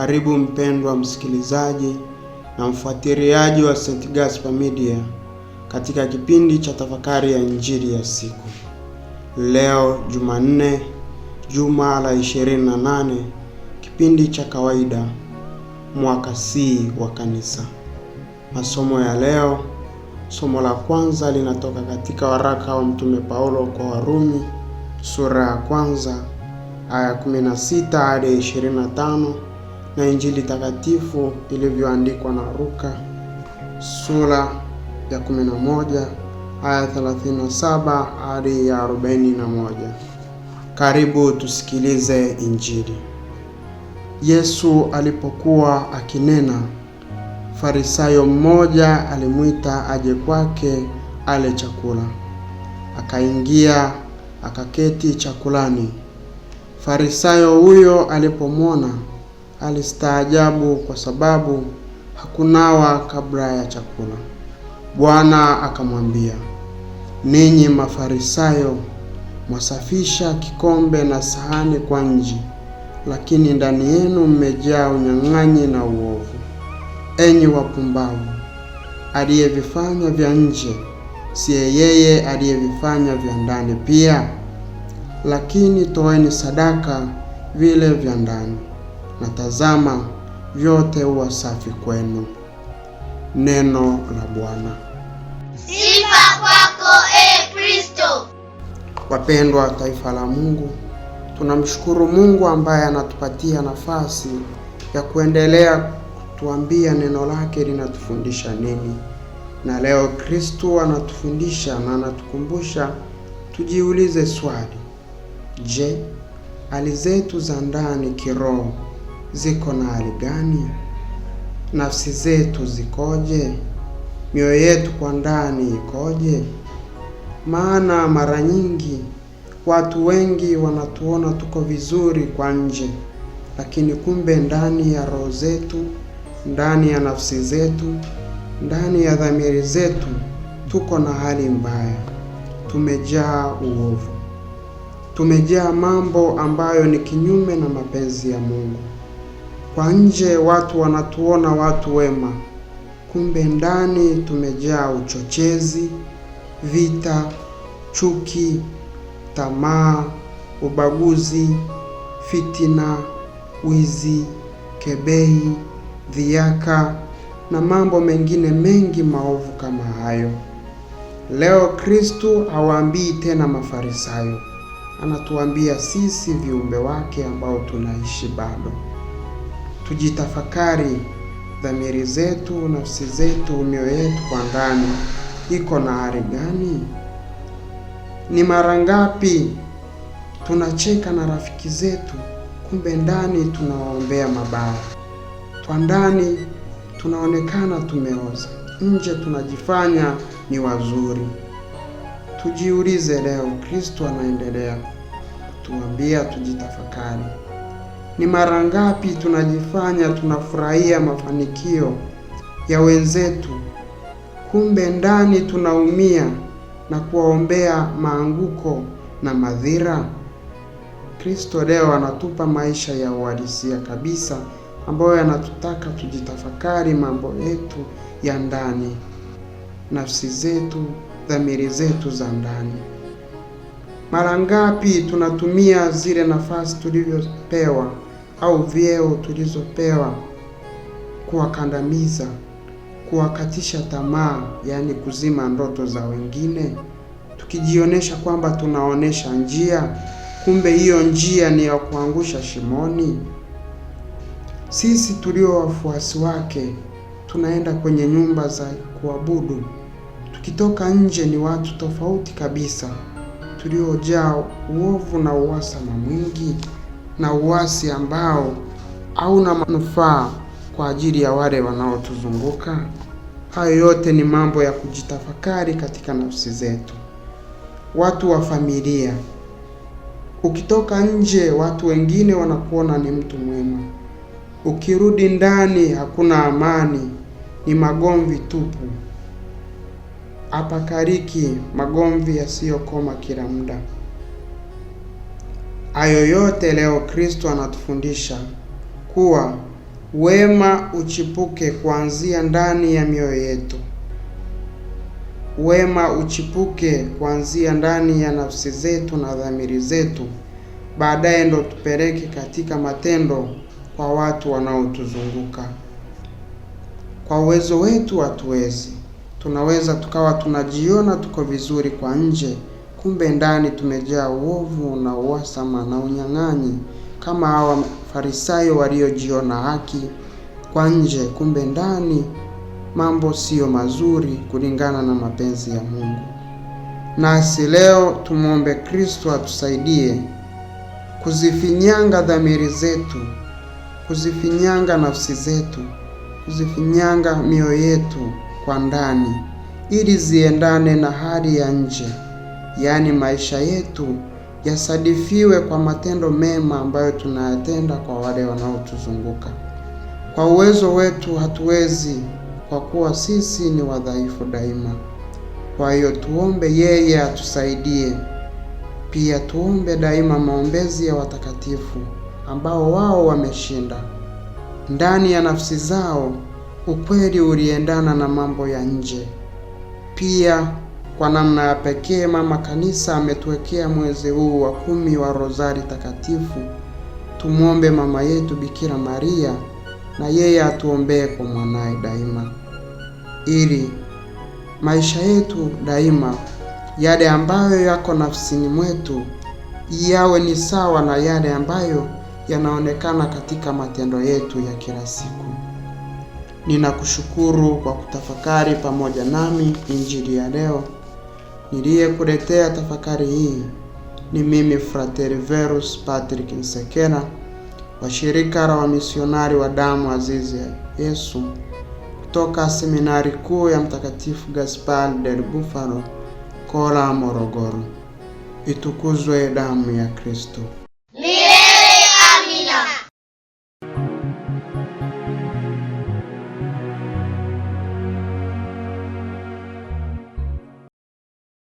Karibu mpendwa msikilizaji na mfuatiliaji wa St. Gaspar Media katika kipindi cha tafakari ya injili ya siku leo, Jumanne, juma la 28 kipindi cha kawaida mwaka C wa Kanisa. Masomo ya leo, somo la kwanza linatoka katika waraka wa Mtume Paulo kwa Warumi sura ya kwanza aya 16 hadi 25 na Injili takatifu ilivyoandikwa na Luka sura ya 11 aya 37 hadi ya 41. Karibu tusikilize Injili. Yesu alipokuwa akinena, Farisayo mmoja alimwita aje kwake ale chakula. Akaingia akaketi chakulani. Farisayo huyo alipomwona alistaajabu kwa sababu hakunawa kabla ya chakula. Bwana akamwambia, ninyi Mafarisayo mwasafisha kikombe na sahani kwa nje, lakini ndani yenu mmejaa unyang'anyi na uovu. Enyi wapumbavu, aliyevifanya vya nje si yeye aliyevifanya vya ndani pia? Lakini toeni sadaka vile vya ndani na tazama, vyote huwa safi kwenu. Neno la Bwana. Sifa kwako e Kristo. Wapendwa taifa la Mungu, tunamshukuru Mungu ambaye anatupatia nafasi ya kuendelea kutuambia neno lake linatufundisha nini, na leo Kristo anatufundisha na anatukumbusha tujiulize swali: Je, hali zetu za ndani kiroho ziko na hali gani? Nafsi zetu zikoje? Mioyo yetu kwa ndani ikoje? Maana mara nyingi watu wengi wanatuona tuko vizuri kwa nje, lakini kumbe ndani ya roho zetu, ndani ya nafsi zetu, ndani ya dhamiri zetu tuko na hali mbaya. Tumejaa uovu, tumejaa mambo ambayo ni kinyume na mapenzi ya Mungu. Kwa nje watu wanatuona watu wema, kumbe ndani tumejaa uchochezi, vita, chuki, tamaa, ubaguzi, fitina, wizi, kebei, dhiaka na mambo mengine mengi maovu kama hayo. Leo Kristo hawaambii tena Mafarisayo, anatuambia sisi viumbe wake ambao tunaishi bado tujitafakari dhamiri zetu, nafsi zetu, mioyo yetu kwa ndani iko na hali gani? Ni mara ngapi tunacheka na rafiki zetu, kumbe ndani tunawaombea mabaya? Kwa ndani tunaonekana tumeoza, nje tunajifanya ni wazuri. Tujiulize leo, Kristo anaendelea kutuambia tujitafakari. Ni mara ngapi tunajifanya tunafurahia mafanikio ya wenzetu, kumbe ndani tunaumia na kuwaombea maanguko na madhira. Kristo leo anatupa maisha ya uhalisia kabisa ambayo yanatutaka tujitafakari mambo yetu ya ndani, nafsi zetu, dhamiri zetu za ndani. Mara ngapi tunatumia zile nafasi tulivyopewa au vyeo tulizopewa kuwakandamiza, kuwakatisha tamaa, yaani kuzima ndoto za wengine, tukijionyesha kwamba tunaonesha njia, kumbe hiyo njia ni ya kuangusha shimoni. Sisi tulio wafuasi wake tunaenda kwenye nyumba za kuabudu, tukitoka nje ni watu tofauti kabisa, tuliojaa uovu na uhasama mwingi na uasi ambao hauna manufaa kwa ajili ya wale wanaotuzunguka? Hayo yote ni mambo ya kujitafakari katika nafsi zetu. Watu wa familia, ukitoka nje watu wengine wanakuona ni mtu mwema, ukirudi ndani hakuna amani, ni magomvi tupu. apakariki magomvi yasiyokoma kila muda. Hayo yote leo Kristo anatufundisha kuwa wema uchipuke kuanzia ndani ya mioyo yetu. Wema uchipuke kuanzia ndani ya nafsi zetu na dhamiri zetu, baadaye ndo tupeleke katika matendo kwa watu wanaotuzunguka. Kwa uwezo wetu hatuwezi, tunaweza tukawa tunajiona tuko vizuri kwa nje, kumbe ndani tumejaa uovu na uhasama na unyang'anyi, kama hawa Farisayo waliojiona haki kwa nje, kumbe ndani mambo siyo mazuri kulingana na mapenzi ya Mungu. Nasi leo tumwombe Kristo atusaidie kuzifinyanga dhamiri zetu, kuzifinyanga nafsi zetu, kuzifinyanga mioyo yetu kwa ndani, ili ziendane na hali ya nje yaani maisha yetu yasadifiwe kwa matendo mema ambayo tunayatenda kwa wale wanaotuzunguka. Kwa uwezo wetu hatuwezi, kwa kuwa sisi ni wadhaifu daima. Kwa hiyo tuombe yeye atusaidie. Pia tuombe daima maombezi ya watakatifu ambao wao wameshinda ndani ya nafsi zao ukweli uliendana na mambo ya nje pia kwa namna ya pekee, mama kanisa ametuwekea mwezi huu wa kumi wa Rozari Takatifu. Tumwombe mama yetu Bikira Maria na yeye atuombee kwa mwanaye daima, ili maisha yetu daima, yale ambayo yako nafsini mwetu yawe ni sawa na yale ambayo yanaonekana katika matendo yetu ya kila siku. Ninakushukuru kwa kutafakari pamoja nami Injili ya leo. Niliyekuletea tafakari hii ni mimi Frateri Verus Patrick Nsekela wa shirika la wamisionari wa damu azizi ya Yesu kutoka seminari kuu ya Mtakatifu Gaspar del Bufalo, Kola, Morogoro. Itukuzwe damu ya Kristo!